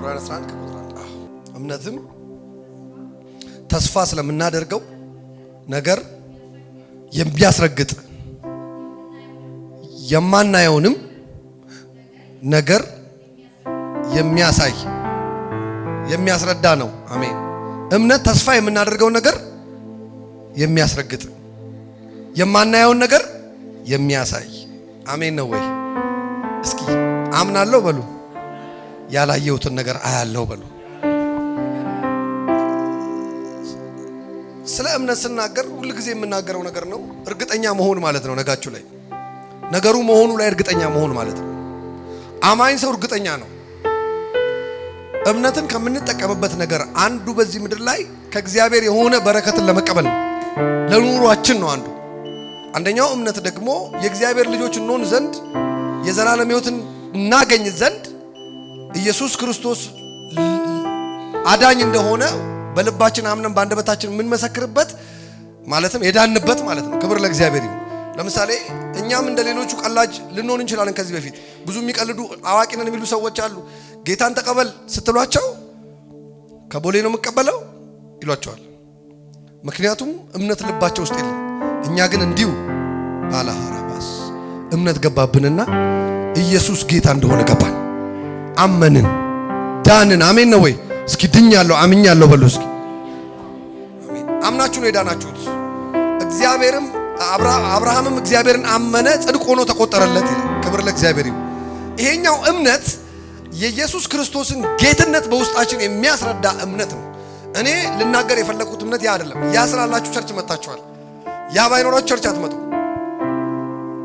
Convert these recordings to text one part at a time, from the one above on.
ቁጥር 11 1 እምነትም ተስፋ ስለምናደርገው ነገር የሚያስረግጥ የማናየውንም ነገር የሚያሳይ የሚያስረዳ ነው። አሜን። እምነት ተስፋ የምናደርገውን ነገር የሚያስረግጥ የማናየውን ነገር የሚያሳይ አሜን ነው ወይ? እስኪ አምናለሁ በሉ። ያላየሁትን ነገር አያለሁ በሉ። ስለ እምነት ስናገር ሁል ጊዜ የምናገረው ነገር ነው። እርግጠኛ መሆን ማለት ነው። ነጋችሁ ላይ ነገሩ መሆኑ ላይ እርግጠኛ መሆን ማለት ነው። አማኝ ሰው እርግጠኛ ነው። እምነትን ከምንጠቀምበት ነገር አንዱ በዚህ ምድር ላይ ከእግዚአብሔር የሆነ በረከትን ለመቀበል ነው። ለኑሯችን ነው አንዱ። አንደኛው እምነት ደግሞ የእግዚአብሔር ልጆች እንሆን ዘንድ የዘላለም ሕይወትን እናገኝ ዘንድ ኢየሱስ ክርስቶስ አዳኝ እንደሆነ በልባችን አምነን በአንደበታችን የምንመሰክርበት ማለትም የዳንበት ማለት ነው። ክብር ለእግዚአብሔር ይሁን። ለምሳሌ እኛም እንደ ሌሎቹ ቀላጅ ልንሆን እንችላለን። ከዚህ በፊት ብዙ የሚቀልዱ አዋቂ ነን የሚሉ ሰዎች አሉ። ጌታን ተቀበል ስትሏቸው ከቦሌ ነው የምቀበለው ይሏቸዋል። ምክንያቱም እምነት ልባቸው ውስጥ የለም። እኛ ግን እንዲሁ ባለ ሀራባስ እምነት ገባብንና ኢየሱስ ጌታ እንደሆነ ገባን። አመንን፣ ዳንን። አሜን ነው ወይ? እስኪ ድኛለሁ፣ አምኛለሁ በሉ እስኪ። አምናችሁ ነው የዳናችሁት። እግዚአብሔርም አብርሃምም እግዚአብሔርን አመነ፣ ጽድቅ ሆኖ ተቆጠረለት ይላል። ክብር ለእግዚአብሔር ይሁን። ይሄኛው እምነት የኢየሱስ ክርስቶስን ጌትነት በውስጣችን የሚያስረዳ እምነት ነው። እኔ ልናገር የፈለኩት እምነት ያ አይደለም። ያ ስላላችሁ ቸርች መጥታችኋል። ያ ባይኖራችሁ ቸርች አትመጡ።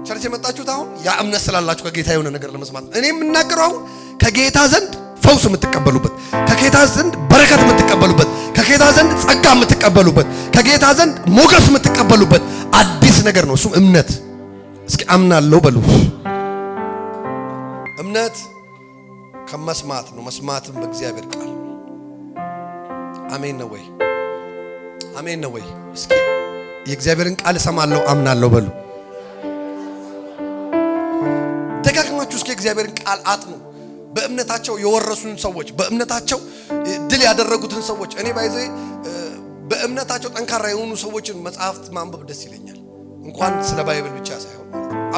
ቸርች የመጣችሁት አሁን ያ እምነት ስላላችሁ ከጌታ የሆነ ነገር ለመስማት እኔ የምናገረው አሁን ከጌታ ዘንድ ፈውስ የምትቀበሉበት፣ ከጌታ ዘንድ በረከት የምትቀበሉበት፣ ከጌታ ዘንድ ጸጋ የምትቀበሉበት፣ ከጌታ ዘንድ ሞገስ የምትቀበሉበት አዲስ ነገር ነው። እሱም እምነት። እስኪ አምናለሁ በሉ። እምነት ከመስማት ነው፣ መስማትም በእግዚአብሔር ቃል። አሜን ነው ወይ? አሜን ነው ወይ? እስኪ የእግዚአብሔርን ቃል እሰማለሁ አምናለሁ በሉ። የእግዚአብሔርን ቃል አጥኑ። በእምነታቸው የወረሱን ሰዎች፣ በእምነታቸው ድል ያደረጉትን ሰዎች እኔ ባይዘ በእምነታቸው ጠንካራ የሆኑ ሰዎችን መጽሐፍት ማንበብ ደስ ይለኛል። እንኳን ስለ ባይብል ብቻ ሳይሆን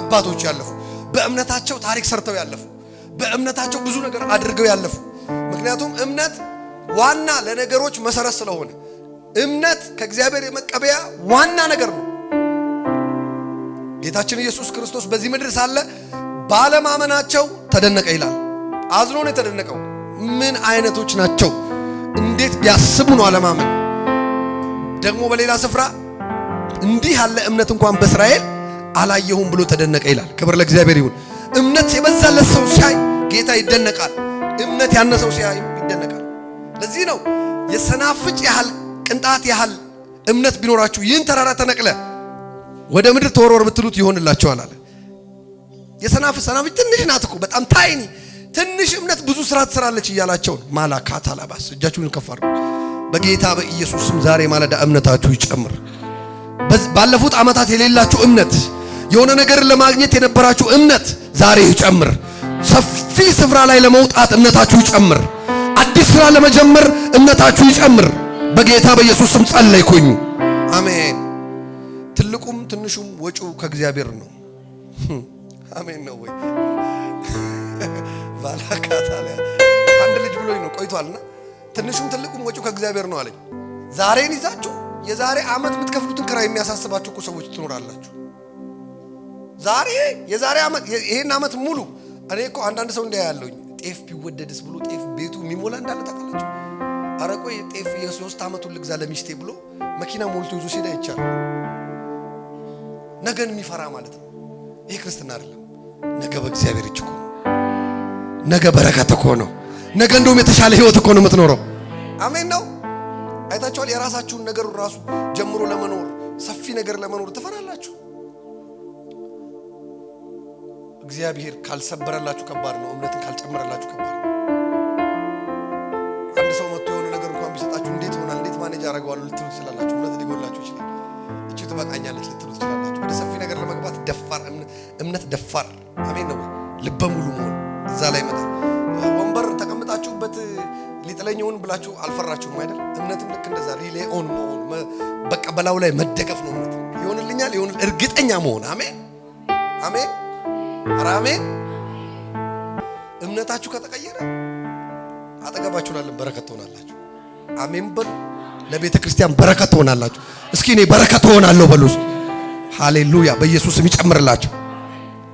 አባቶች ያለፉ በእምነታቸው ታሪክ ሰርተው ያለፉ በእምነታቸው ብዙ ነገር አድርገው ያለፉ። ምክንያቱም እምነት ዋና ለነገሮች መሰረት ስለሆነ እምነት ከእግዚአብሔር የመቀበያ ዋና ነገር ነው። ጌታችን ኢየሱስ ክርስቶስ በዚህ ምድር ሳለ ባለማመናቸው ተደነቀ ይላል። አዝኖ ነው የተደነቀው። ምን አይነቶች ናቸው? እንዴት ቢያስቡ ነው አለማመን። ደግሞ በሌላ ስፍራ እንዲህ ያለ እምነት እንኳን በእስራኤል አላየሁም ብሎ ተደነቀ ይላል። ክብር ለእግዚአብሔር ይሁን። እምነት የበዛለት ሰው ሲያይ ጌታ ይደነቃል። እምነት ያነሰው ሲያይ ይደነቃል። ለዚህ ነው የሰናፍጭ ያህል ቅንጣት ያህል እምነት ቢኖራችሁ ይህን ተራራ ተነቅለ ወደ ምድር ተወርወር ብትሉት ይሆንላችኋል አለ። የሰናፍ ሰናፍ ትንሽ ናት እኮ በጣም ታይኒ ትንሽ እምነት ብዙ ስራ ትሰራለች እያላቸው ማላካ ታላባስ እጃችሁን ከፍ በጌታ በኢየሱስም ዛሬ ማለዳ እምነታችሁ ይጨምር። ባለፉት ዓመታት የሌላችሁ እምነት፣ የሆነ ነገር ለማግኘት የነበራችሁ እምነት ዛሬ ይጨምር። ሰፊ ስፍራ ላይ ለመውጣት እምነታችሁ ይጨምር። አዲስ ስራ ለመጀመር እምነታችሁ ይጨምር። በጌታ በኢየሱስም ጸለይኩኝ። አሜን። ትልቁም ትንሹም ወጪው ከእግዚአብሔር ነው። አሜን ነው ወይ? ባላካታሊያ አንድ ልጅ ብሎኝ ነው ቆይቷልና፣ ትንሹም ትልቁም ወጪው ከእግዚአብሔር ነው አለኝ። ዛሬን ይዛችሁ የዛሬ ዓመት የምትከፍሉትን ክራይ የሚያሳስባችሁ እኮ ሰዎች ትኖራላችሁ። ዛሬ የዛሬ ዓመት ይሄን ዓመት ሙሉ እኔ እኮ አንዳንድ ሰው እንዲያ ያለውኝ ጤፍ ቢወደድስ ብሎ ጤፍ ቤቱ የሚሞላ እንዳለ ታውቃላችሁ። ኧረ ቆይ ጤፍ የሶስት ዓመቱን ልግዛ ለሚስቴ ብሎ መኪና ሞልቶ ይዞ ሲሄድ ይቻላል። ነገን የሚፈራ ማለት ነው። ይህ ክርስትና አይደለም። ነገ በእግዚአብሔር እጅ እኮ ነው። ነገ በረከት እኮ ነው። ነገ እንደውም የተሻለ ህይወት እኮ ነው የምትኖረው። አሜን ነው። አይታችኋል። የራሳችሁን ነገር ራሱ ጀምሮ ለመኖር ሰፊ ነገር ለመኖር ትፈራላችሁ። እግዚአብሔር ካልሰበረላችሁ ከባድ ነው። እምነትን ካልጨመረላችሁ ከባድ ነው። አንድ ሰው መጥቶ የሆነ ነገር እንኳን ቢሰጣችሁ እንዴት ይሆናል፣ እንዴት ማኔጅ አደርገዋለሁ ልትሉ ትችላላችሁ። እምነት ሊጎላችሁ ይችላል። እቺ ትበቃኛለች ልትሉ ትችላላችሁ። ወደ ሰፊ ደፋር እምነት ደፋር አሜን ነው። ልበ ሙሉ መሆን እዛ ላይ መጣ ወንበር ተቀምጣችሁበት ሊጥለኝ ብላችሁ አልፈራችሁም አይደል? እምነትም ልክ እንደዛ ሪሌ ኦን መሆን በቃ በላው ላይ መደገፍ ነው። እምነት ይሆንልኛል ይሆን እርግጠኛ መሆን አሜን አሜን ኧረ አሜን። እምነታችሁ ከተቀየረ አጠገባችሁ ላለን በረከት ትሆናላችሁ። አሜን በሉ። ለቤተ ክርስቲያን በረከት ትሆናላችሁ። እስኪ እኔ በረከት ሆናለሁ በሉ። ሃሌሉያ በኢየሱስም ይጨምርላቸው።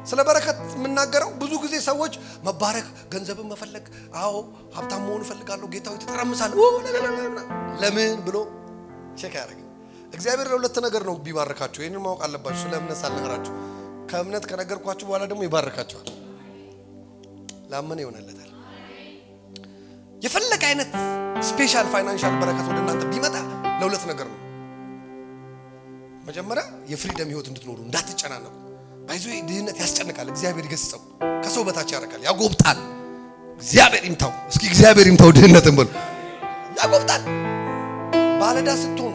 ስለ በረከት የምናገረው ብዙ ጊዜ ሰዎች መባረክ፣ ገንዘብን መፈለግ፣ አዎ ሀብታም መሆን እፈልጋለሁ፣ ጌታዊ ተጠራምሳለሁ፣ ለምን ብሎ ቼክ ያደርግ። እግዚአብሔር ለሁለት ነገር ነው ቢባርካቸው፣ ይህንን ማወቅ አለባቸው። ስለ እምነት ሳልነግራቸው ከእምነት ከነገርኳችሁ በኋላ ደግሞ ይባርካቸዋል። ላመነ ይሆነለታል። የፈለገ አይነት ስፔሻል ፋይናንሻል በረከት ወደ እናንተ ቢመጣ ለሁለት ነገር ነው መጀመሪያ የፍሪደም ህይወት እንድትኖሩ እንዳትጨናነቁ። ባይዞ ድህነት ያስጨንቃል፣ እግዚአብሔር ይገስጸው፣ ከሰው በታች ያደርጋል፣ ያጎብጣል። እግዚአብሔር ይምታው። እስኪ እግዚአብሔር ይምታው ድህነትን በሉ። ያጎብጣል። ባለዳ ስትሆኑ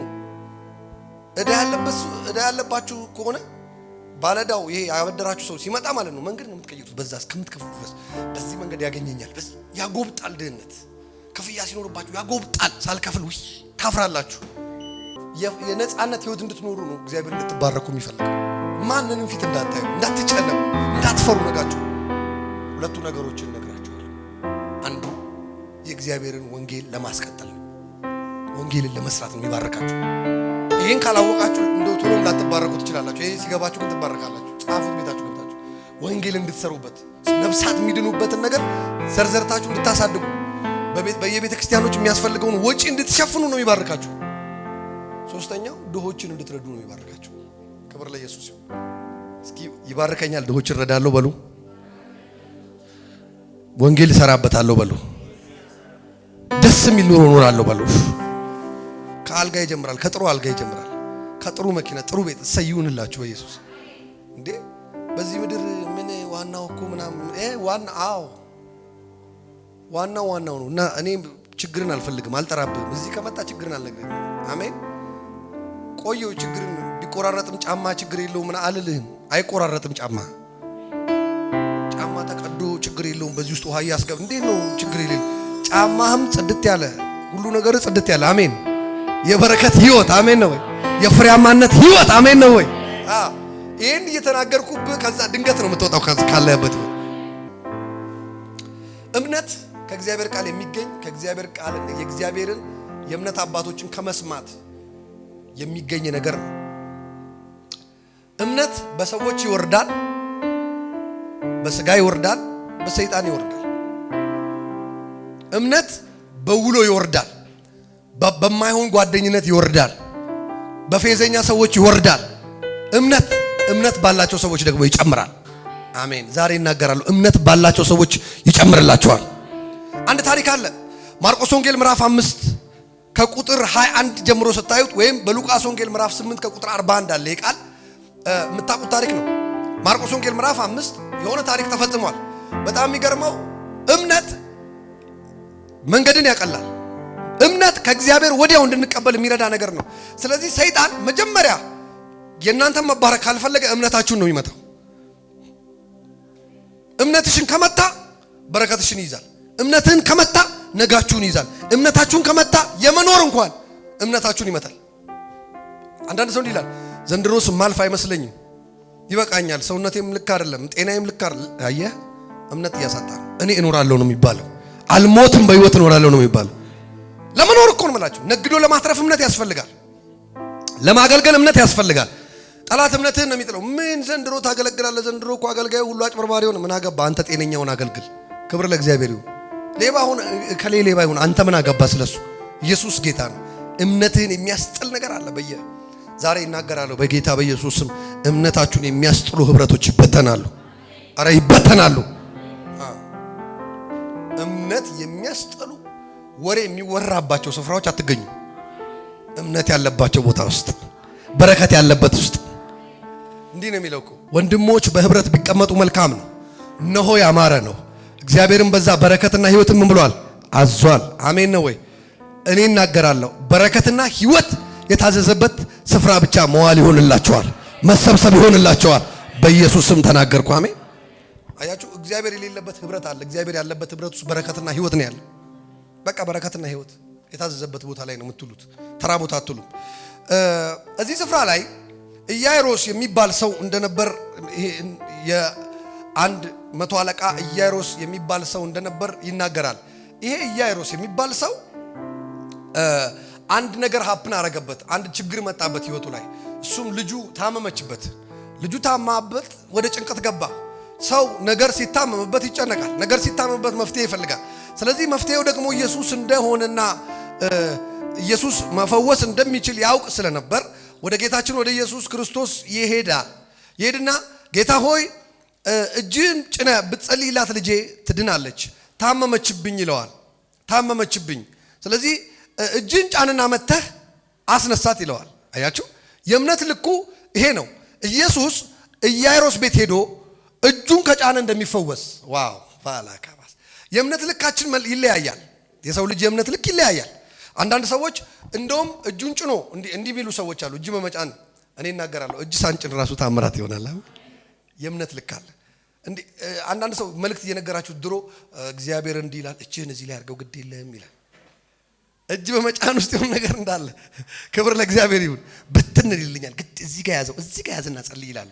እዳ ያለባችሁ ከሆነ ባለዳው ይሄ ያበደራችሁ ሰው ሲመጣ ማለት ነው መንገድ ነው የምትቀይሩት። በዛ እስከምትከፍሉ ድረስ በዚህ መንገድ ያገኘኛል። ያጎብጣል ድህነት። ክፍያ ሲኖርባችሁ ያጎብጣል። ሳልከፍል ውይ ታፍራላችሁ። የነፃነት ህይወት እንድትኖሩ ነው እግዚአብሔር እንድትባረኩ የሚፈልገው። ማንንም ፊት እንዳታዩ፣ እንዳትጨለሙ እንዳትፈሩ ነጋችሁ ሁለቱ ነገሮችን ነግራችኋል። አንዱ የእግዚአብሔርን ወንጌል ለማስቀጠል ወንጌልን ለመስራት ነው የሚባረካችሁ ይህን ካላወቃችሁ እንደ ቶሎ እንዳትባረኩ ትችላላችሁ። ይህ ሲገባችሁ ግን ትባረካላችሁ። ጻፉት ቤታችሁ ገብታችሁ ወንጌል እንድትሰሩበት ነብሳት የሚድኑበትን ነገር ዘርዘርታችሁ እንድታሳድጉ በየቤተ ክርስቲያኖች የሚያስፈልገውን ወጪ እንድትሸፍኑ ነው የሚባርካችሁ። ሶስተኛው ድሆችን እንድትረዱ ነው ይባርካቸው። ክብር ለኢየሱስ ይሁን። እስኪ ይባርከኛል፣ ድሆች እረዳለሁ በሉ፣ ወንጌል እሰራበታለሁ በሉ፣ ደስ የሚል ኑሮ እኖራለሁ በሉ። ከአልጋ ይጀምራል፣ ከጥሩ አልጋ ይጀምራል፣ ከጥሩ መኪና፣ ጥሩ ቤት። ሰይሁንላችሁ በኢየሱስ እንዴ። በዚህ ምድር ምን ዋናው እኮ ምናምን ዋና አዎ ዋናው ዋናው ነው እና እኔ ችግርን አልፈልግም፣ አልጠራብህም። እዚህ ከመጣ ችግርን አልነግርህም። አሜን ቆየው ችግር ቢቆራረጥም ጫማ ችግር የለውም ምን አልልህም። አይቆራረጥም ጫማ ጫማ ተቀዶ ችግር የለውም። በዚህ ውስጥ ውሃ እያስገብ እንዴት ነው ችግር የለውም። ጫማህም ጽድት ያለ ሁሉ ነገር ጽድት ያለ አሜን። የበረከት ህይወት አሜን ነው ወይ? የፍሬያማነት ህይወት አሜን ነው ወይ? ይህን እየተናገርኩብህ ከዛ ድንገት ነው የምትወጣው ካለህበት እምነት ከእግዚአብሔር ቃል የሚገኝ ከእግዚአብሔር ቃል የእግዚአብሔርን የእምነት አባቶችን ከመስማት የሚገኝ ነገር ነው። እምነት በሰዎች ይወርዳል፣ በስጋ ይወርዳል፣ በሰይጣን ይወርዳል። እምነት በውሎ ይወርዳል፣ በማይሆን ጓደኝነት ይወርዳል፣ በፌዘኛ ሰዎች ይወርዳል። እምነት እምነት ባላቸው ሰዎች ደግሞ ይጨምራል። አሜን። ዛሬ ይናገራሉ። እምነት ባላቸው ሰዎች ይጨምርላቸዋል። አንድ ታሪክ አለ ማርቆስ ወንጌል ምዕራፍ አምስት ከቁጥር 21 ጀምሮ ስታዩት ወይም በሉቃስ ወንጌል ምዕራፍ 8 ከቁጥር 41 አለ። ይህ ቃል የምታውቁት ታሪክ ነው። ማርቆስ ወንጌል ምዕራፍ 5 የሆነ ታሪክ ተፈጽሟል። በጣም የሚገርመው እምነት መንገድን ያቀላል። እምነት ከእግዚአብሔር ወዲያው እንድንቀበል የሚረዳ ነገር ነው። ስለዚህ ሰይጣን መጀመሪያ የእናንተን መባረክ ካልፈለገ እምነታችሁን ነው የሚመታው። እምነትሽን ከመታ በረከትሽን ይይዛል። እምነትህን ከመታ ነጋችሁን ይዛል እምነታችሁን ከመታ የመኖር እንኳን እምነታችሁን ይመታል። አንዳንድ ሰው እንዲላል ዘንድሮስ ማልፍ አይመስለኝም፣ ይበቃኛል፣ ሰውነቴም ልክ አይደለም፣ ጤናዬም ልክ አይደለም። አየህ እምነት እያሳጣ ነው። እኔ እኖራለሁ ነው የሚባለው፣ አልሞትም፣ በህይወት እኖራለሁ ነው የሚባለው። ለመኖር እኮ ነው የምላችሁ። ነግዶ ለማትረፍ እምነት ያስፈልጋል። ለማገልገል እምነት ያስፈልጋል። ጠላት እምነትህን ነው የሚጥለው። ምን ዘንድሮ ታገለግላለህ? ዘንድሮ እኮ አገልጋዩ ሁሉ አጭበርባሪ ሆነ። ምን አገባ አንተ ጤነኛውን አገልግል። ክብር ለእግዚአብሔር ይሁን። ሌባ ሁን ከሌ ሌባ ይሁን አንተ ምን አገባ ስለሱ? ኢየሱስ ጌታ ነው። እምነትህን የሚያስጥል ነገር አለ። በየ ዛሬ ይናገራለሁ በጌታ በኢየሱስ ስም እምነታችሁን የሚያስጥሉ ህብረቶች ይበተናሉ። አረ ይበተናሉ። እምነት የሚያስጥሉ ወሬ የሚወራባቸው ስፍራዎች አትገኙ። እምነት ያለባቸው ቦታ ውስጥ በረከት ያለበት ውስጥ እንዲህ ነው የሚለው እኮ ወንድሞች በህብረት ቢቀመጡ መልካም ነው፣ እነሆ ያማረ ነው። እግዚአብሔርን በዛ በረከትና ህይወት ምን ብሏል? አዟል። አሜን ነው ወይ? እኔ እናገራለሁ በረከትና ህይወት የታዘዘበት ስፍራ ብቻ መዋል ይሆንላቸዋል፣ መሰብሰብ ይሆንላቸዋል። በኢየሱስ ስም ተናገርኩ። አሜን። አያችሁ፣ እግዚአብሔር የሌለበት ህብረት አለ። እግዚአብሔር ያለበት ህብረት ውስጥ በረከትና ህይወት ነው ያለ። በቃ በረከትና ህይወት የታዘዘበት ቦታ ላይ ነው የምትሉት፣ ተራ ቦታ አትሉም። እዚህ ስፍራ ላይ ኢያይሮስ የሚባል ሰው እንደነበር አንድ መቶ አለቃ ኢያይሮስ የሚባል ሰው እንደነበር ይናገራል። ይሄ ኢያይሮስ የሚባል ሰው አንድ ነገር ሀፕን አረገበት። አንድ ችግር መጣበት ህይወቱ ላይ። እሱም ልጁ ታመመችበት። ልጁ ታማበት ወደ ጭንቀት ገባ። ሰው ነገር ሲታመምበት ይጨነቃል። ነገር ሲታመምበት መፍትሄ ይፈልጋል። ስለዚህ መፍትሄው ደግሞ ኢየሱስ እንደሆነና ኢየሱስ መፈወስ እንደሚችል ያውቅ ስለነበር ወደ ጌታችን ወደ ኢየሱስ ክርስቶስ ይሄዳል። ይሄድና ጌታ ሆይ እጅህን ጭነ ብትጸልይላት ልጄ ትድናለች። ታመመችብኝ ይለዋል። ታመመችብኝ። ስለዚህ እጅን ጫንና መተህ አስነሳት ይለዋል። አያችሁ፣ የእምነት ልኩ ይሄ ነው። ኢየሱስ ኢያይሮስ ቤት ሄዶ እጁን ከጫነ እንደሚፈወስ ዋው ባላካባስ። የእምነት ልካችን ይለያያል። የሰው ልጅ የእምነት ልክ ይለያያል። አንዳንድ ሰዎች እንደውም እጁን ጭኖ እንዲህ የሚሉ ሰዎች አሉ። እጅ በመጫን እኔ እናገራለሁ። እጅ ሳንጭን ራሱ ታምራት ይሆናል። የእምነት ልክ አለ። አንዳንድ ሰው መልእክት እየነገራችሁ ድሮ እግዚአብሔር እንዲህ ይላል እጅህን እዚህ ላይ አድርገው ግድ የለም ይላል። እጅ በመጫን ውስጥ የሆነ ነገር እንዳለ ክብር ለእግዚአብሔር ይሁን። ብትን ይልኛል ግድ እዚህ ጋር ያዘው እዚህ ጋር ያዝና ጸልይ ይላሉ።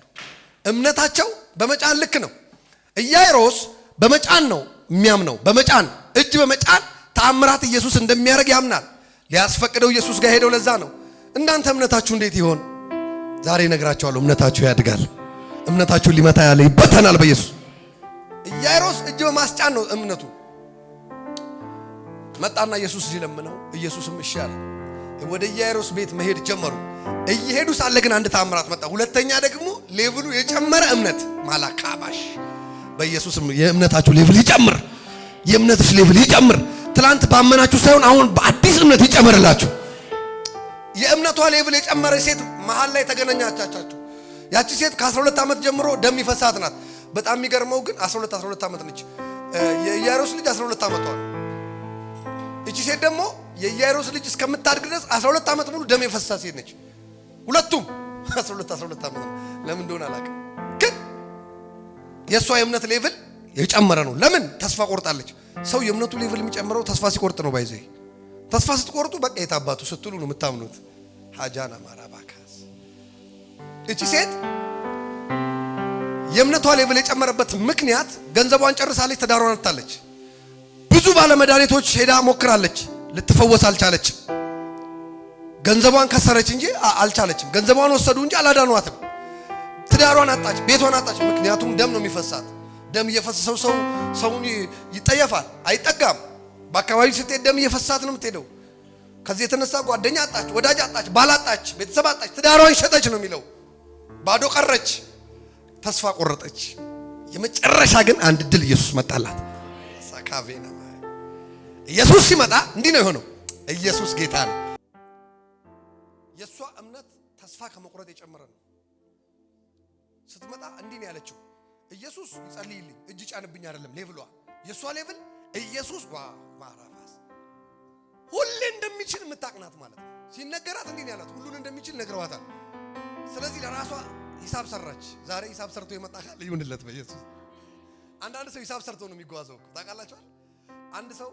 እምነታቸው በመጫን ልክ ነው። ኢያይሮስ በመጫን ነው የሚያምነው። በመጫን እጅ በመጫን ተአምራት ኢየሱስ እንደሚያደርግ ያምናል። ሊያስፈቅደው ኢየሱስ ጋር ሄደው ለዛ ነው። እናንተ እምነታችሁ እንዴት ይሆን? ዛሬ እነግራችኋለሁ፣ እምነታችሁ ያድጋል። እምነታችሁን ሊመታ ያለ ይበተናል በኢየሱስ። ኢያይሮስ እጅ በማስጫን ነው እምነቱ። መጣና ኢየሱስ ሲለምነው ኢየሱስም እሺ አለ። ወደ ኢያይሮስ ቤት መሄድ ጀመሩ። እየሄዱ ሳለ ግን አንድ ታምራት መጣ። ሁለተኛ ደግሞ ሌቭሉ የጨመረ እምነት ማላካባሽ በኢየሱስም የእምነታችሁ ሌቭል ይጨምር፣ የእምነትሽ ሌቭል ይጨምር። ትላንት ባመናችሁ ሳይሆን አሁን በአዲስ እምነት ይጨመርላችሁ። የእምነቷ ሌቭል የጨመረ ሴት መሀል ላይ ተገናኛቻቻችሁ ያቺ ሴት ከ12 ዓመት ጀምሮ ደም ይፈሳት ናት። በጣም የሚገርመው ግን 12 12 ዓመት ነች። የኢያሮስ ልጅ 12 ዓመቷ ነው። እቺ ሴት ደግሞ የኢያሮስ ልጅ እስከምታድግ ድረስ 12 ዓመት ሙሉ ደም የፈሳት ሴት ነች። ሁለቱም 12 12 ዓመት ነው። ለምን እንደሆነ አላውቅም፣ ግን የእሷ የእምነት ሌቭል የጨመረ ነው። ለምን ተስፋ ቆርጣለች። ሰው የእምነቱ ሌቭል የሚጨምረው ተስፋ ሲቆርጥ ነው። ባይዘይ ተስፋ ስትቆርጡ በቃ የታባቱ ስትሉ ነው የምታምኑት። ሀጃና ማራባካ እቺ ሴት የእምነቷ ሌቭል የጨመረበት ምክንያት ገንዘቧን ጨርሳለች፣ ትዳሯን አጥታለች። ብዙ ባለመድኃኒቶች ሄዳ ሞክራለች፣ ልትፈወስ አልቻለችም። ገንዘቧን ከሰረች እንጂ አልቻለችም። ገንዘቧን ወሰዱ እንጂ አላዳኗትም። ትዳሯን አጣች፣ ቤቷን አጣች። ምክንያቱም ደም ነው የሚፈሳት። ደም እየፈሰሰው ሰው ሰውን ይጠየፋል፣ አይጠጋም። በአካባቢ ስትሄድ ደም እየፈሳት ነው የምትሄደው። ከዚህ የተነሳ ጓደኛ አጣች፣ ወዳጅ አጣች፣ ባል አጣች፣ ቤተሰብ አጣች፣ ትዳሯን ሸጠች ነው የሚለው ባዶ ቀረች፣ ተስፋ ቆረጠች። የመጨረሻ ግን አንድ ድል ኢየሱስ መጣላት። ሳካቬና ኢየሱስ ሲመጣ እንዲህ ነው የሆነው። ኢየሱስ ጌታ ነው። የእሷ እምነት ተስፋ ከመቁረጥ የጨመረ ነው። ስትመጣ እንዲህ ነው ያለችው፣ ኢየሱስ ይጸልይልኝ፣ እጅ ጫንብኝ አይደለም ሌብሏ የእሷ ሌብል ኢየሱስ ዋ ማራፋስ ሁሌ እንደሚችል የምታቅናት ማለት ነው። ሲነገራት እንዲህ ነው ያላት፣ ሁሉን እንደሚችል ነግረዋታል። ስለዚህ ለራሷ ሂሳብ ሰራች። ዛሬ ሂሳብ ሰርቶ የመጣ ካለ ይሁንለት በኢየሱስ። አንዳንድ ሰው ሂሳብ ሰርቶ ነው የሚጓዘው ታውቃላችኋል። አንድ ሰው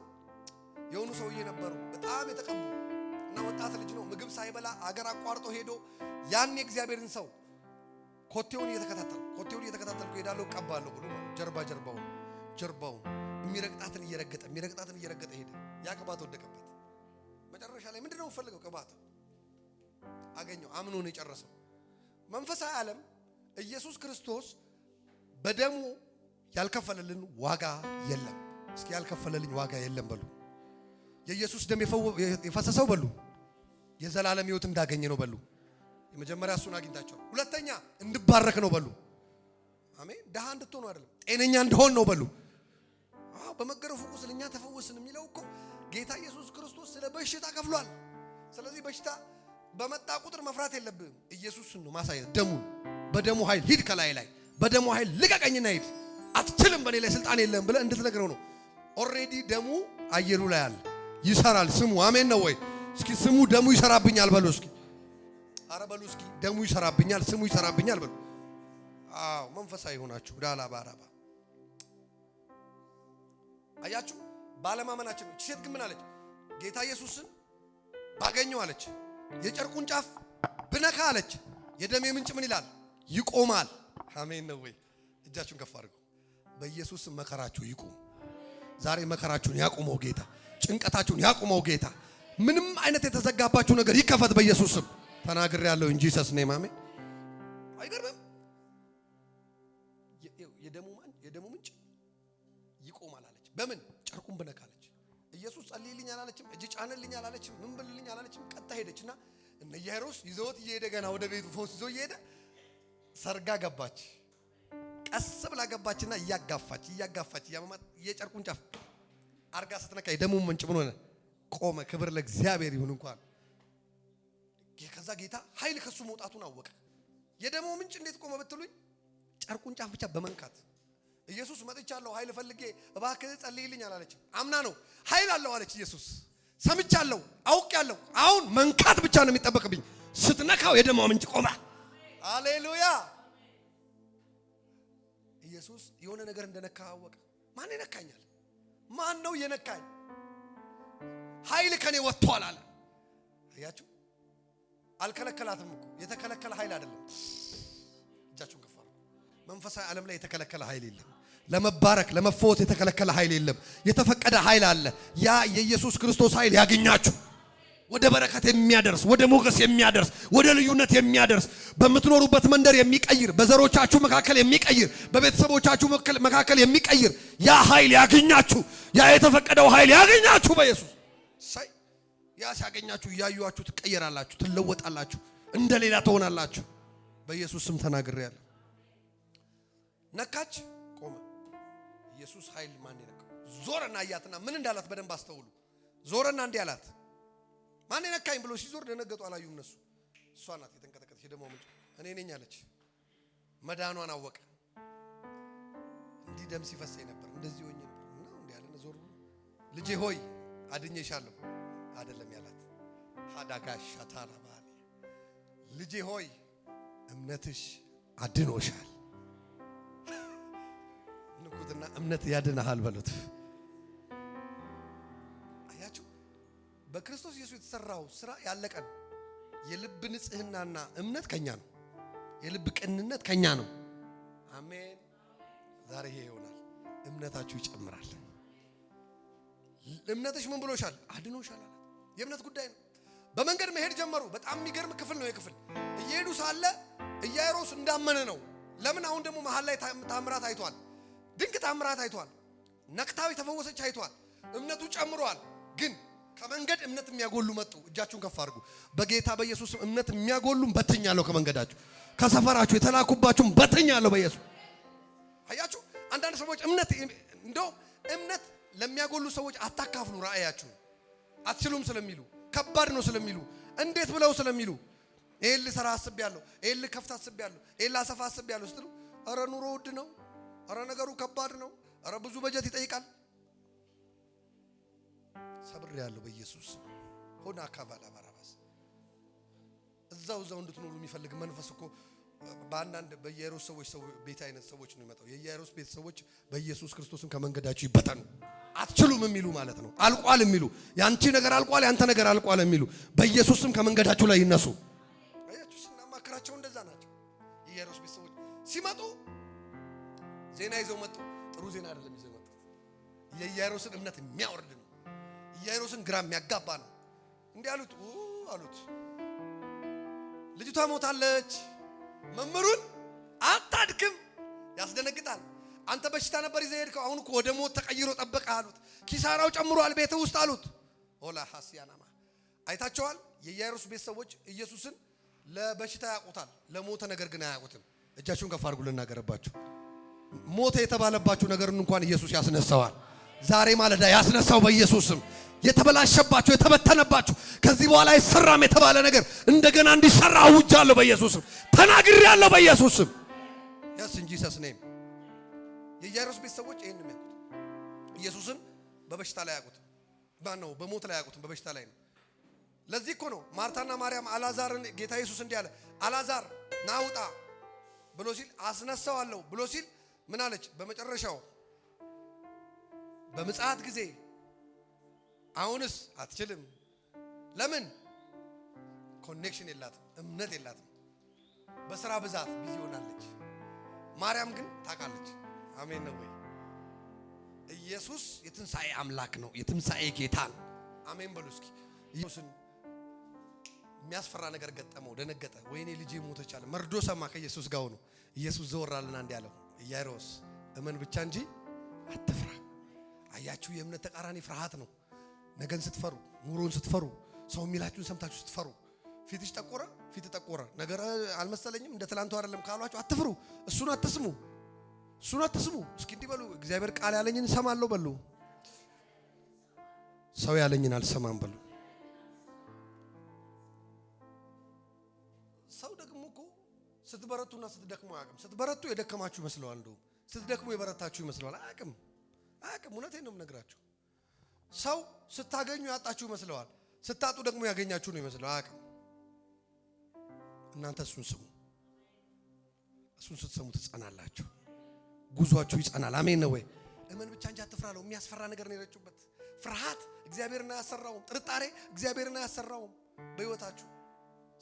የሆኑ ሰውዬ ነበሩ በጣም የተቀቡ እና ወጣት ልጅ ነው ምግብ ሳይበላ አገር አቋርጦ ሄዶ ያን የእግዚአብሔርን ሰው ኮቴውን እየተከታተል ኮቴውን እየተከታተልኩ ሄዳለሁ ቀባለሁ ብሎ ጀርባ ጀርባውን ጀርባውን የሚረግጣትን እየረገጠ የሚረግጣትን እየረገጠ ሄደ። ያ ቅባት ወደቀበት። መጨረሻ ላይ ምንድነው ፈልገው ቅባት አገኘው። አምኖ ነው የጨረሰው። መንፈሳዊ ዓለም ኢየሱስ ክርስቶስ በደሙ ያልከፈለልን ዋጋ የለም። እስኪ ያልከፈለልኝ ዋጋ የለም በሉ። የኢየሱስ ደም የፈሰሰው በሉ የዘላለም ሕይወት እንዳገኘ ነው በሉ። የመጀመሪያ እሱን አግኝታቸዋል። ሁለተኛ እንድባረክ ነው በሉ። አሜን። ድሃ እንድትሆኑ አይደለም፣ ጤነኛ እንደሆን ነው በሉ። በመገረፉ ቁስል እኛ ተፈወስን የሚለው እኮ ጌታ ኢየሱስ ክርስቶስ ስለ በሽታ ከፍሏል። ስለዚህ በሽታ በመጣ ቁጥር መፍራት የለብህም። ኢየሱስን ነው ማሳየት፣ ደሙን በደሙ ኃይል ሂድ፣ ከላይ ላይ በደሙ ኃይል ልቀቀኝና ሂድ፣ አትችልም፣ በእኔ ላይ ስልጣን የለም ብለህ እንድትነግረው ነው። ኦሬዲ ደሙ አየሩ ላይ አለ፣ ይሰራል። ስሙ አሜን ነው ወይ? እስኪ ስሙ ደሙ ይሰራብኛል በሉ እስኪ፣ አረ በሉ እስኪ፣ ደሙ ይሰራብኛል፣ ስሙ ይሰራብኛል በሉ። አዎ መንፈሳዊ ሆናችሁ ዳላ ባራባ አያችሁ፣ ባለማመናችን ሴት ግን ምን አለች? ጌታ ኢየሱስን ባገኘው አለች የጨርቁን ጫፍ ብነካ አለች የደሜ ምንጭ ምን ይላል ይቆማል። አሜን ነው ወይ? እጃችሁን ከፍ አድርገው። በኢየሱስ መከራችሁ ይቁም። ዛሬ መከራችሁን ያቁመው ጌታ። ጭንቀታችሁን ያቁመው ጌታ። ምንም አይነት የተዘጋባችሁ ነገር ይከፈት ስም ተናግሬ ያለው እንጂ ሰስ ነው ማሜ አይገርምም። የደሙ ምንጭ ይቆማል አለች። በምን ጨርቁን ብነካ ኢየሱስ ጸልይልኝ አላለችም። እጅ ጫነልኝ አላለችም። ምን ብልልኝ አላለችም። ቀጥታ ሄደችና እነ ኢያይሮስ ይዘውት እየሄደ ገና ወደ ቤቱ ፈውስ ይዞ እየሄደ ሰርጋ ገባች። ቀስ ብላ ገባችና እያጋፋች እያጋፋች እያመማት የጨርቁን ጫፍ አርጋ ስትነካ ደሙ ምንጭ ምን ሆነ? ቆመ። ክብር ለእግዚአብሔር ይሁን። እንኳን ከዛ ጌታ ኃይል ከሱ መውጣቱን አወቀ። የደሙ ምንጭ እንዴት ቆመ ብትሉኝ ጨርቁን ጫፍ ብቻ በመንካት ኢየሱስ መጥቻለሁ ኃይል ፈልጌ እባክህ ጸልይልኝ አላለችም። አምና ነው ኃይል አለው አለች። ኢየሱስ ሰምቻለሁ፣ አውቄያለሁ። አሁን መንካት ብቻ ነው የሚጠበቅብኝ። ስትነካው የደሟ ምንጭ ቆመ። አሌሉያ! ኢየሱስ የሆነ ነገር እንደነካ አወቀ። ማን ይነካኛል? ማን ነው የነካኝ? ኃይል ከኔ ወጥቷል አለ። አያችሁ፣ አልከለከላትም እኮ የተከለከለ ኃይል አይደለም። እጃችሁን መንፈሳዊ ዓለም ላይ የተከለከለ ኃይል የለም። ለመባረክ ለመፈወስ የተከለከለ ኃይል የለም። የተፈቀደ ኃይል አለ። ያ የኢየሱስ ክርስቶስ ኃይል ያገኛችሁ፣ ወደ በረከት የሚያደርስ ወደ ሞገስ የሚያደርስ ወደ ልዩነት የሚያደርስ በምትኖሩበት መንደር የሚቀይር በዘሮቻችሁ መካከል የሚቀይር በቤተሰቦቻችሁ መካከል የሚቀይር ያ ኃይል ያገኛችሁ፣ ያ የተፈቀደው ኃይል ያገኛችሁ በኢየሱስ ሳይ ያ ሲያገኛችሁ እያዩችሁ ትቀየራላችሁ፣ ትለወጣላችሁ፣ እንደ ሌላ ትሆናላችሁ። በኢየሱስ ስም ተናግሬያለሁ። ነካች፣ ቆመ። ኢየሱስ ኃይል ማን የነካው? ዞረና አያትና ምን እንዳላት በደንብ አስተውሉ። ዞረና እንዲህ አላት፣ ማን የነካኝ ብሎ ሲዞር ደነገጡ፣ አላዩ እነሱ። እሷ ናት የተንቀጠቀጠች። ደግሞ ምንጭ እኔ ነኝ አለች። መዳኗን አወቀ። እንዲህ ደም ሲፈሰኝ ነበር፣ እንደዚህ ሆኜ ነበር እና እንዲህ አለ። ዞር ልጄ ሆይ አድኜሻለሁ አይደለም ያላት ሀዳጋሽ አታራባል ልጄ ሆይ እምነትሽ አድኖሻል አስቀምጡትና እምነት ያድንሃል በሉት። አያችሁ፣ በክርስቶስ ኢየሱስ የተሰራው ስራ ያለቀን። የልብ ንጽህናና እምነት ከኛ ነው። የልብ ቅንነት ከኛ ነው። አሜን። ዛሬ ይሄ ይሆናል። እምነታችሁ ይጨምራል። እምነትሽ ምን ብሎሻል? አድኖሻል የእምነት ጉዳይ ነው። በመንገድ መሄድ ጀመሩ። በጣም የሚገርም ክፍል ነው። የክፍል እየሄዱ ሳለ ኢያኢሮስ እንዳመነ ነው። ለምን አሁን ደግሞ መሀል ላይ ታምራት አይቷል። ድንቅ ታምራት አይቷል። ነቅታው የተፈወሰች አይቷል። እምነቱ ጨምሯል። ግን ከመንገድ እምነት የሚያጎሉ መጡ። እጃችሁን ከፍ አድርጉ። በጌታ በኢየሱስ እምነት የሚያጎሉም በተኛለሁ። ከመንገዳችሁ ከሰፈራችሁ የተላኩባችሁም በተኛለሁ በኢየሱስ አያችሁ። አንዳንድ ሰዎች እምነት እንደው እምነት ለሚያጎሉ ሰዎች አታካፍሉ። ራእያችሁ አትችሉም ስለሚሉ ከባድ ነው ስለሚሉ እንዴት ብለው ስለሚሉ ይሄን ልሰራ አስቤያለሁ፣ ይሄን ልከፍት አስቤያለሁ፣ ይሄን ላሰፋ አስቤያለሁ ስትሉ ኧረ ኑሮ ውድ ነው እረ ነገሩ ከባድ ነው። እረ ብዙ በጀት ይጠይቃል። ሰብር ያለው በኢየሱስ ሆነ አካባላ ባራባስ እዛው እዛው እንድትኖሩ የሚፈልግ መንፈስ እኮ በአንዳንድ በኢያኢሮስ ሰዎች ቤት አይነት ሰዎች ነው የሚመጣው። የኢያኢሮስ ቤተሰቦች በኢየሱስ ክርስቶስም ከመንገዳቸው ይበተኑ አትችሉም የሚሉ ማለት ነው። አልቋል የሚሉ የአንቺ ነገር አልቋል፣ የአንተ ነገር አልቋል የሚሉ በኢየሱስም ከመንገዳችሁ ላይ ይነሱ። አያችሁ፣ ስናማክራቸው እንደዛ ናቸው። የኢያኢሮስ ቤተሰቦች ሲመጡ ዜና ይዘው መጡ። ጥሩ ዜና አይደለም ይዘው መጡት። የኢያኢሮስን እምነት የሚያወርድ ነው። ኢያኢሮስን ግራ የሚያጋባ ነው። እንዲህ አሉት አሉት፣ ልጅቷ ሞታለች። መምህሩን አታድክም። ያስደነግጣል። አንተ በሽታ ነበር ይዘህ ሄድከው፣ አሁን እኮ ወደ ሞት ተቀይሮ ጠበቀ አሉት። ኪሳራው ጨምሯል ቤተ ውስጥ አሉት። ኦላ ሐስያናማ አይታቸዋል። የኢያኢሮስ ቤተሰቦች ኢየሱስን ለበሽታ ያውቁታል፣ ለሞተ ነገር ግን አያውቁትም። እጃችሁን ከፍ አድርጉ ልናገርባችሁ ሞተ የተባለባችሁ ነገርን እንኳን ኢየሱስ ያስነሳዋል። ዛሬ ማለዳ ያስነሳው በኢየሱስም የተበላሸባችሁ የተበተነባችሁ ከዚህ በኋላ አይሰራም የተባለ ነገር እንደገና እንዲሰራ አውጃለሁ በኢየሱስም ተናግሬያለሁ በኢየሱስም ያስ እንጂ ሰስኔም የኢያኢሮስ ቤት ሰዎች ይህን ነው ኢየሱስን በበሽታ ላይ ያውቁት ነው፣ በሞት ላይ ያውቁት፣ በበሽታ ላይ ነው። ለዚህ እኮ ነው ማርታና ማርያም አላዛርን ጌታ ኢየሱስ እንዲህ አለ፣ አላዛር ናውጣ ብሎ ሲል አስነሳዋለሁ ብሎ ሲል ምን አለች? በመጨረሻው በምጽአት ጊዜ አሁንስ አትችልም። ለምን? ኮኔክሽን የላትም፣ እምነት የላትም። በስራ ብዛት ቢዚ ሆናለች። ማርያም ግን ታውቃለች። አሜን ነው ወይ? ኢየሱስ የትንሣኤ አምላክ ነው፣ የትንሣኤ ጌታ ነው። አሜን በሉ እስኪ። ኢየሱስን የሚያስፈራ ነገር ገጠመው፣ ደነገጠ። ወይኔ ልጄ ሞተች አለ። መርዶ ሰማ ከኢየሱስ ጋር ሆኖ ኢየሱስ ዘወራልና እንዲህ አለው ኢያይሮስ እመን ብቻ እንጂ አትፍራ። አያችሁ፣ የእምነት ተቃራኒ ፍርሃት ነው። ነገን ስትፈሩ፣ ኑሮን ስትፈሩ፣ ሰው የሚላችሁን ሰምታችሁ ስትፈሩ፣ ፊትሽ ጠቆረ፣ ፊት ጠቆረ፣ ነገር አልመሰለኝም፣ እንደ ትላንቱ አይደለም ካሏችሁ አትፍሩ። እሱን አትስሙ፣ እሱን አትስሙ። እስኪ እንዲህ በሉ፣ እግዚአብሔር ቃል ያለኝን እሰማለሁ በሉ፣ ሰው ያለኝን አልሰማም በሉ። ሰው ደግሞ እኮ ስትበረቱና ስትደክሙ አቅም ስትበረቱ የደከማችሁ ይመስለዋል። እንደውም ስትደክሙ የበረታችሁ ይመስለዋል። አያውቅም አያውቅም። እውነቴን ነው የምነግራችሁ። ሰው ስታገኙ ያጣችሁ ይመስለዋል። ስታጡ ደግሞ ያገኛችሁ ነው ይመስለው። አቅም እናንተ እሱን ስሙ። እሱን ስትሰሙ ትጸናላችሁ። ጉዟችሁ ይጸናል። አሜን ነው ወይ? እመን ብቻ እንጂ አትፍራ ነው። የሚያስፈራ ነገር ነው የረጩበት። ፍርሃት እግዚአብሔርን አያሰራውም። ጥርጣሬ እግዚአብሔርን አያሰራውም በሕይወታችሁ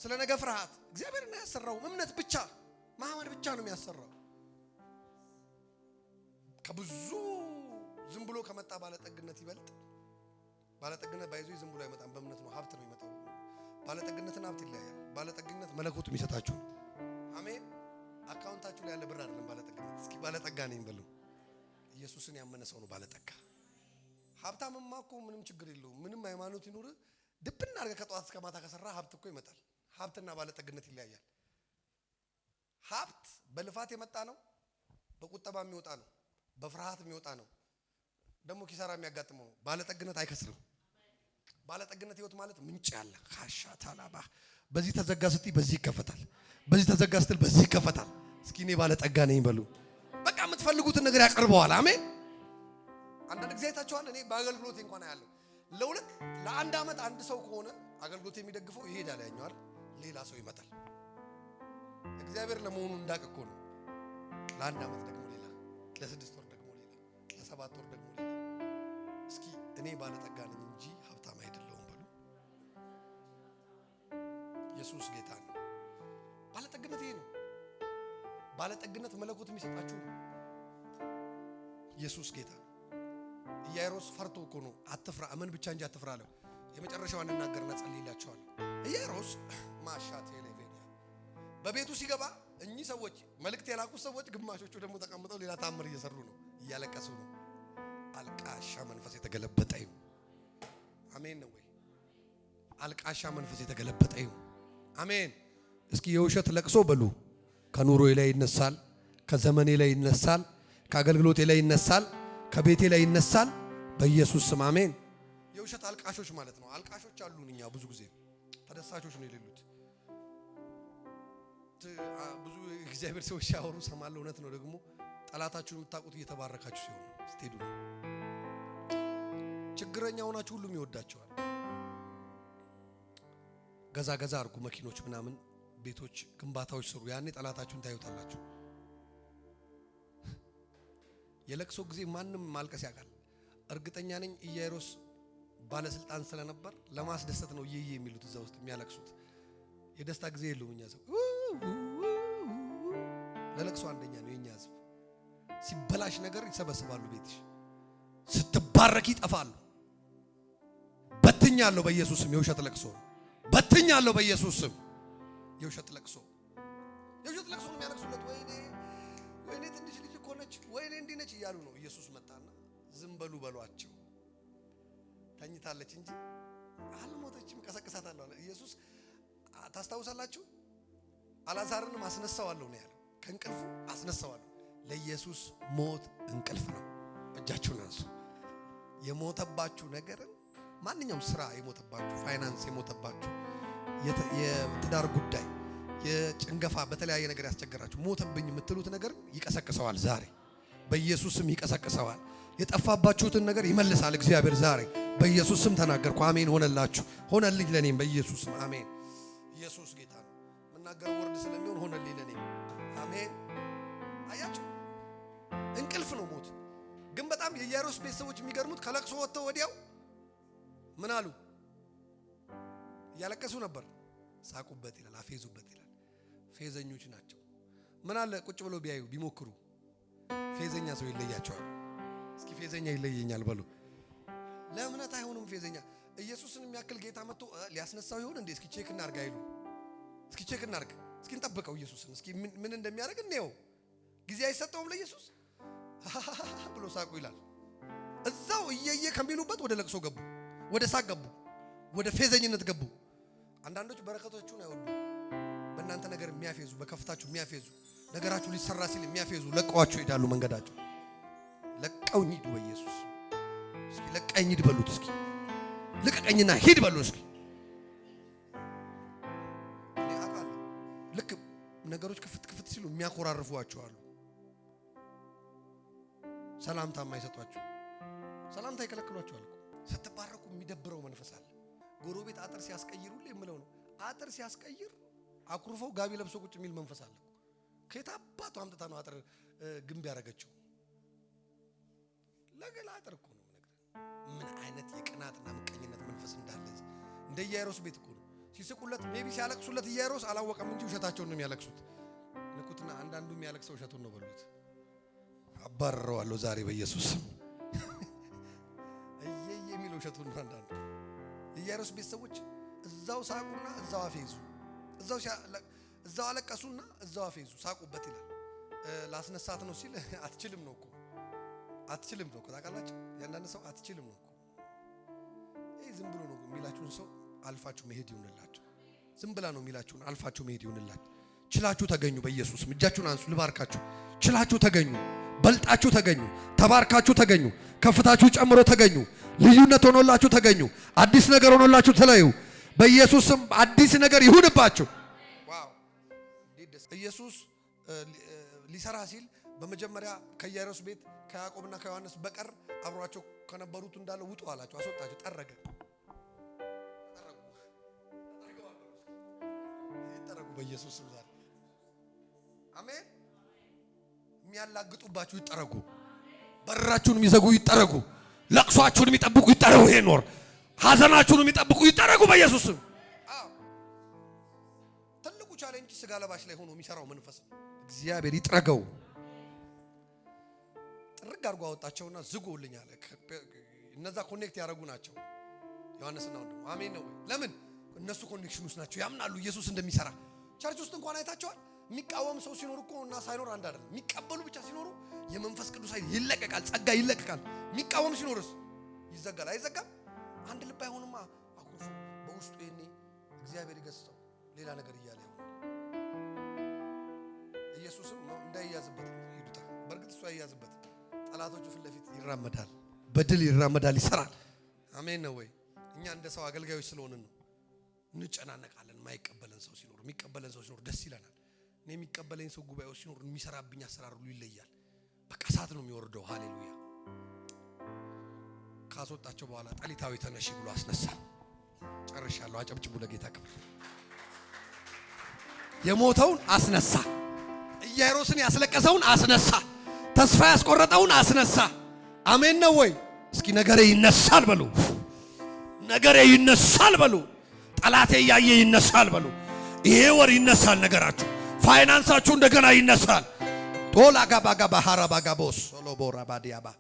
ስለ ነገ ፍርሃት እግዚአብሔር እና ያሰራው እምነት ብቻ ማመን ብቻ ነው የሚያሰራው። ከብዙ ዝም ብሎ ከመጣ ባለጠግነት ይበልጥ ባለጠግነት ባይዞ ዝም ብሎ አይመጣም። በእምነት ነው ሀብት ነው የሚመጣው። ባለጠግነትና ሀብት ይለያያል። ባለጠግነት መለኮቱ የሚሰጣችሁ አሜን። አካውንታችሁ ላይ ያለ ብር አይደለም ባለጠግነት። እስኪ ባለጠጋ ነኝ በሉ። ኢየሱስን ያመነ ሰው ነው ባለጠጋ። ሀብታምማ እኮ ምንም ችግር የለውም። ምንም ሃይማኖት ይኑር ድብና አድርገህ ከጠዋት እስከ ማታ ከሰራ ሀብት እኮ ይመጣል። ሀብትና ባለጠግነት ይለያያል። ሀብት በልፋት የመጣ ነው። በቁጠባ የሚወጣ ነው። በፍርሃት የሚወጣ ነው። ደግሞ ኪሳራ የሚያጋጥመው ነው። ባለጠግነት አይከስርም። ባለጠግነት ህይወት ማለት ምንጭ ያለ ታላባ በዚህ ተዘጋ ስትይ በዚህ ይከፈታል። በዚህ ተዘጋ ስትል በዚህ ይከፈታል። እስኪ እኔ ባለጠጋ ነኝ በሉ። በቃ የምትፈልጉትን ነገር ያቀርበዋል። አሜን። አንዳንድ ጊዜ አይታችኋል። እኔ በአገልግሎቴ እንኳን ያለው ለሁለት ለአንድ ዓመት አንድ ሰው ከሆነ አገልግሎት የሚደግፈው ይሄዳል ያኛዋል ሌላ ሰው ይመጣል። እግዚአብሔር ለመሆኑ እንዳቅ እኮ ነው። ለአንድ ዓመት ደግሞ ሌላ፣ ለስድስት ወር ደግሞ ሌላ፣ ለሰባት ወር ደግሞ ሌላ። እስኪ እኔ ባለጠጋ ነኝ እንጂ ሀብታም አይደለሁም በሉ። ኢየሱስ ጌታ ነው። ባለጠግነት ይሄ ነው። ባለጠግነት መለኮት የሚሰጣችሁ ነው። ኢየሱስ ጌታ ነው። ኢያይሮስ ፈርቶ እኮ ነው። አትፍራ፣ እመን ብቻ እንጂ አትፍራ አለው። የመጨረሻዋን እናገርና ጸልይላቸዋለሁ። ኢያኢሮስ ማሻ ቴሌቬኒያ በቤቱ ሲገባ እኚህ ሰዎች መልእክት የላኩት ሰዎች ግማሾቹ ደግሞ ተቀምጠው ሌላ ታምር እየሰሩ ነው፣ እያለቀሱ ነው። አልቃሻ መንፈስ የተገለበጠ ይሁን። አሜን ነው ወይ? አልቃሻ መንፈስ የተገለበጠ ይሁን። አሜን። እስኪ የውሸት ለቅሶ በሉ ከኑሮዬ ላይ ይነሳል፣ ከዘመኔ ላይ ይነሳል፣ ከአገልግሎቴ ላይ ይነሳል፣ ከቤቴ ላይ ይነሳል። በኢየሱስ ስም አሜን። የውሸት አልቃሾች ማለት ነው። አልቃሾች አሉን እኛ ብዙ ጊዜ ተደሳቾች ነው የሌሉት። ብዙ እግዚአብሔር ሰዎች ሲያወሩ ሰማለ። እውነት ነው ደግሞ ጠላታችሁን የምታውቁት እየተባረካችሁ ሲሆን ስትሄዱ ነው። ችግረኛ ሆናችሁ ሁሉም ይወዳቸዋል። ገዛ ገዛ አድርጉ መኪኖች፣ ምናምን ቤቶች፣ ግንባታዎች ስሩ። ያኔ ጠላታችሁን ታዩታላችሁ። የለቅሶ ጊዜ ማንም ማልቀስ ያውቃል። እርግጠኛ ነኝ ኢያይሮስ ባለስልጣን ስለነበር ለማስደሰት ነው ይህ የሚሉት እዛ ውስጥ የሚያለቅሱት። የደስታ ጊዜ የለውም። እኛ ሰው ለለቅሶ አንደኛ ነው የኛ ህዝብ። ሲበላሽ ነገር ይሰበስባሉ። ቤትሽ ስትባረክ ይጠፋሉ። በትኛለሁ ስም የውሸት ለቅሶ በትኛለሁ ስም የውሸት ለቅሶ የውሸት ለቅሶ ነው የሚያለቅሱለት። ወይኔ ወይኔ ትንሽ ልጅ እኮ ነች፣ ወይኔ እንዲህ ነች እያሉ ነው። ኢየሱስ መጣና ዝም በሉ በሏቸው ተኝታለች እንጂ አልሞተችም። ቀሰቅሳታለሁ አለ ኢየሱስ። ታስታውሳላችሁ? አላዛርንም አስነሳዋለሁ ነው ያለው። ከእንቅልፉ አስነሳዋለሁ። ለኢየሱስ ሞት እንቅልፍ ነው። እጃችሁን አንሱ። የሞተባችሁ ነገርን ማንኛውም ስራ የሞተባችሁ፣ ፋይናንስ የሞተባችሁ፣ የትዳር ጉዳይ፣ የጭንገፋ በተለያየ ነገር ያስቸገራችሁ ሞተብኝ የምትሉት ነገር ይቀሰቅሰዋል ዛሬ በኢየሱስም ይቀሰቅሰዋል። የጠፋባችሁትን ነገር ይመልሳል እግዚአብሔር ዛሬ በኢየሱስ ስም ተናገርኩ። አሜን ሆነላችሁ፣ ሆነልኝ ለኔም በኢየሱስ ስም አሜን። ኢየሱስ ጌታ ነው። የምናገረው ወርድ ስለሚሆን ሆነልኝ ለኔም አሜን። አያችሁ እንቅልፍ ነው ሞት። ግን በጣም የኢያኢሮስ ቤተሰቦች የሚገርሙት ከለቅሶ ወጥተው ወዲያው ምን አሉ? እያለቀሱ ነበር። ሳቁበት ይላል፣ አፌዙበት ይላል። ፌዘኞች ናቸው። ምን አለ ቁጭ ብሎ ቢያዩ ቢሞክሩ ፌዘኛ ሰው ይለያቸዋል። እስኪ ፌዘኛ ይለየኛል በሉ ለእምነት አይሆንም ፌዘኛ ኢየሱስን የሚያክል ጌታ መጥቶ ሊያስነሳው ይሆን እንዴ? እስኪ ቼክ እናርግ አይሉ። እስኪ ቼክ እናርግ፣ እስኪ እንጠብቀው ኢየሱስን፣ እስኪ ምን እንደሚያደርግ እንየው። ጊዜ አይሰጠውም ለኢየሱስ ብሎ ሳቁ ይላል። እዛው እየየ ከሚሉበት ወደ ለቅሶ ገቡ፣ ወደ ሳቅ ገቡ፣ ወደ ፌዘኝነት ገቡ። አንዳንዶች በረከቶቹን አይወዱ። በእናንተ ነገር የሚያፌዙ በከፍታችሁ የሚያፌዙ ነገራችሁ ሊሰራ ሲል የሚያፌዙ ለቀዋችሁ ይሄዳሉ። መንገዳቸው ለቀውኝ ሂዱ በኢየሱስ እስኪ ለቀኝ ሂድ በሉት። እስኪ ልቀቀኝና ሂድ በሉ። እስኪ ልክ ነገሮች ክፍት ክፍት ሲሉ የሚያኮራርፏቸው አሉ። ሰላምታ የማይሰጧቸው ሰላምታ ይከለክሏቸዋል። ስትባረኩ የሚደብረው መንፈስ አለ። ጎረቤት አጥር ሲያስቀይር ሁሉ የምለው ነው። አጥር ሲያስቀይር አኩርፈው ጋቢ ለብሶ ቁጭ የሚል መንፈስ አለ። ከየት አባቱ አምጥታ ነው አጥር ግንብ ያደረገችው? ለገላ አጥር እኮ ምን አይነት የቅናትና ምቀኝነት መንፈስ እንዳለ እንደ ኢያኢሮስ ቤት እኮ ነው። ሲስቁለት ሜቢ ሲያለቅሱለት ኢያኢሮስ አላወቀም እንጂ ውሸታቸውን ነው የሚያለቅሱት። ንኩትና አንዳንዱ የሚያለቅሰው ውሸቱን ነው በሉት። አባረረዋለሁ ዛሬ በኢየሱስ እየየ የሚለው ውሸቱን ነው። አንዳንዱ ኢያኢሮስ ቤት ሰዎች እዛው ሳቁና እዛው አፌዙ፣ እዛው አለቀሱና እዛው አፌዙ። ሳቁበት ይላል። ላስነሳት ነው ሲል አትችልም ነው እኮ አትችልም ነው ታውቃላችሁ። ያንዳንድ ሰው አትችልም ነው እኮ ይህ ዝም ብሎ ነው የሚላችሁን ሰው አልፋችሁ መሄድ ይሁንላችሁ። ዝም ብላ ነው የሚላችሁን አልፋችሁ መሄድ ይሁንላችሁ። ችላችሁ ተገኙ። በኢየሱስ እጃችሁን አንሱ። ልባርካችሁ። ችላችሁ ተገኙ። በልጣችሁ ተገኙ። ተባርካችሁ ተገኙ። ከፍታችሁ ጨምሮ ተገኙ። ልዩነት ሆኖላችሁ ተገኙ። አዲስ ነገር ሆኖላችሁ ተለዩ። በኢየሱስም አዲስ ነገር ይሁንባችሁ። ኢየሱስ ሊሰራ ሲል በመጀመሪያ ከኢያኢሮስ ቤት ከያዕቆብና ከዮሐንስ በቀር አብሯቸው ከነበሩት እንዳለ ውጡ አላቸው። አስወጣቸው። ጠረገ ይጠረጉ በኢየሱስ ስም ዛሬ አሜን። የሚያላግጡባችሁ ይጠረጉ። በራችሁን የሚዘጉ ይጠረጉ። ለቅሷችሁን የሚጠብቁ ይጠረጉ። ይሄ ኖር ሀዘናችሁን የሚጠብቁ ይጠረጉ በኢየሱስ ስም። ትልቁ ቻሌንጅ ስጋ ለባሽ ላይ ሆኖ የሚሰራው መንፈስ እግዚአብሔር ይጥረገው። ጥርግ አድርጎ አወጣቸውና ዝጉልኝ አለ። እነዛ ኮኔክት ያደረጉ ናቸው ዮሐንስና ወንድሙ። አሜን ነው። ለምን እነሱ ኮኔክሽን ውስጥ ናቸው፣ ያምናሉ ኢየሱስ እንደሚሰራ። ቸርች ውስጥ እንኳን አይታቸዋል። የሚቃወም ሰው ሲኖር እኮ እና ሳይኖር አንድ አይደለም። የሚቀበሉ ብቻ ሲኖሩ የመንፈስ ቅዱስ ኃይል ይለቀቃል፣ ጸጋ ይለቀቃል። የሚቃወም ሲኖርስ ይዘጋል፣ አይዘጋም። አንድ ልብ አይሆንማ። አኩርፎ በውስጡ ይሄኔ እግዚአብሔር ይገስጸው ሌላ ነገር እያለ ይሆናል። ኢየሱስም እንዳይያዝበት ይሄዱታል። በእርግጥ እሱ አይያዝበት ጠላቶቹ ፊት ለፊት ይራመዳል፣ በድል ይራመዳል፣ ይሰራል። አሜን ነው ወይ? እኛ እንደ ሰው አገልጋዮች ስለሆነ ነው እንጨናነቃለን። የማይቀበለን ሰው ሲኖር፣ የሚቀበለን ሰው ሲኖር ደስ ይለናል። እኔ የሚቀበለኝ ሰው ጉባኤው ሲኖር የሚሰራብኝ አሰራር ሁሉ ይለያል። በቃ እሳት ነው የሚወርደው። ሃሌሉያ። ካስወጣቸው በኋላ ጠሊታዊ ተነሽ ብሎ አስነሳ። ጨርሻለሁ። አጨብጭቡ ለጌታ ክብር። የሞተውን አስነሳ። ኢያኢሮስን ያስለቀሰውን አስነሳ። ተስፋ ያስቆረጠውን አስነሳ። አሜን ነው ወይ? እስኪ ነገሬ ይነሳል በሉ። ነገሬ ይነሳል በሉ። ጠላቴ እያየ ይነሳል በሉ። ይሄ ወር ይነሳል ነገራችሁ፣ ፋይናንሳችሁ እንደገና ይነሳል። ቶላ ጋባጋባ ሀራባጋቦስ ሶሎቦ ራባዲያባ